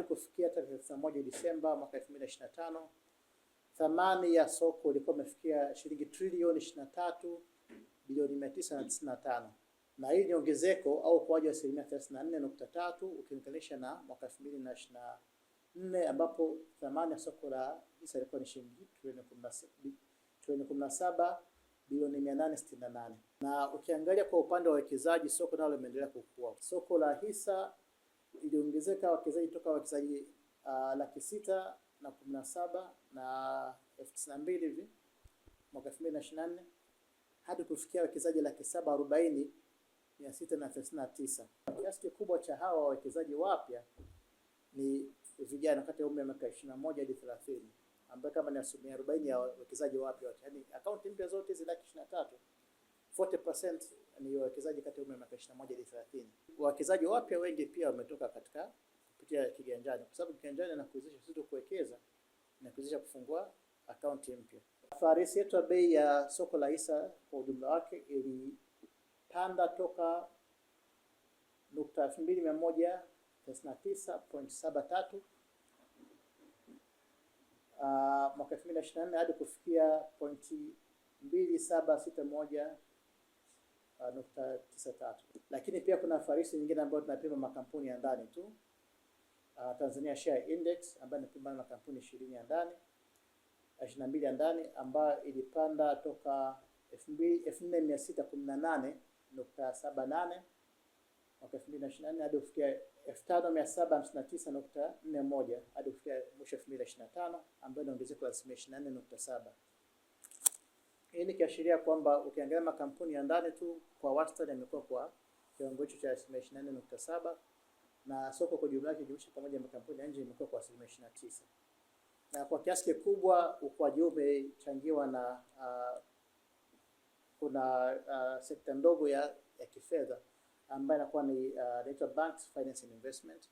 hadi kufikia tarehe 31 Disemba mwaka 2025 thamani ya soko ilikuwa imefikia shilingi trilioni 23 bilioni 995, na hii ni ongezeko au ukuaji wa asilimia 34.3 ukilinganisha na mwaka 2024 ambapo thamani ya soko la hisa ilikuwa ni shilingi trilioni 17 bilioni 868. Na ukiangalia kwa upande wa wawekezaji, soko nalo limeendelea kukua. Soko la hisa iliongezeka wawekezaji toka wawekezaji uh, ah, laki sita na kumi na saba na elfu tisini na mbili hivi mwaka elfu mbili na ishirini na nne hadi kufikia wawekezaji laki saba arobaini mia sita na thelathini na tisa. Kiasi kikubwa cha hawa wawekezaji wapya ni vijana kati ya umri wa miaka ishirini na moja hadi thelathini ambayo kama ni asilimia arobaini ya wawekezaji wapya yaani akaunti mpya zote hizi laki ishirini na tatu 40% ni wawekezaji kati ya umri wa miaka 21 hadi 30. Wawekezaji wapya wengi pia wametoka katika kupitia kiganjani, kwa sababu kiganjani inakuwezesha sisi tu kuwekeza na kufungua akaunti mpya. Farisi yetu ya bei ya soko la hisa kwa ujumla wake ilipanda toka nukta 2139.73 uh, point tatu ah, mwaka 2024 hadi kufikia pointi mbili moja nukta tisa tatu. Lakini pia kuna farisi nyingine ambayo tunapima makampuni ya ndani tu uh, Tanzania Share Index ambayo inapima makampuni ishirini ya ndani ishirini na mbili ya ndani ambayo ilipanda toka elfu nne mia sita kumi na nane nukta saba nane mwaka elfu mbili na ishirini na nne hadi kufikia elfu tano mia saba hamsini na tisa nukta nne moja hadi kufikia mwisho elfu mbili na ishirini na tano ambayo ni ongezeko la asilimia ishirini na nne nukta saba. Hii ni kiashiria kwamba ukiangalia makampuni ya ndani tu kwa wastani yamekuwa kwa kiwango hicho cha asilimia ishirini na nne nukta saba na soko kwa jumla yake jumlisha pamoja na makampuni ya nje imekuwa kwa asilimia ishirini na tisa na kwa kiasi kikubwa ukuaji huu umechangiwa na uh, kuna uh, sekta ndogo ya, ya kifedha ambayo inakuwa ni uh, inaitwa banks finance and investment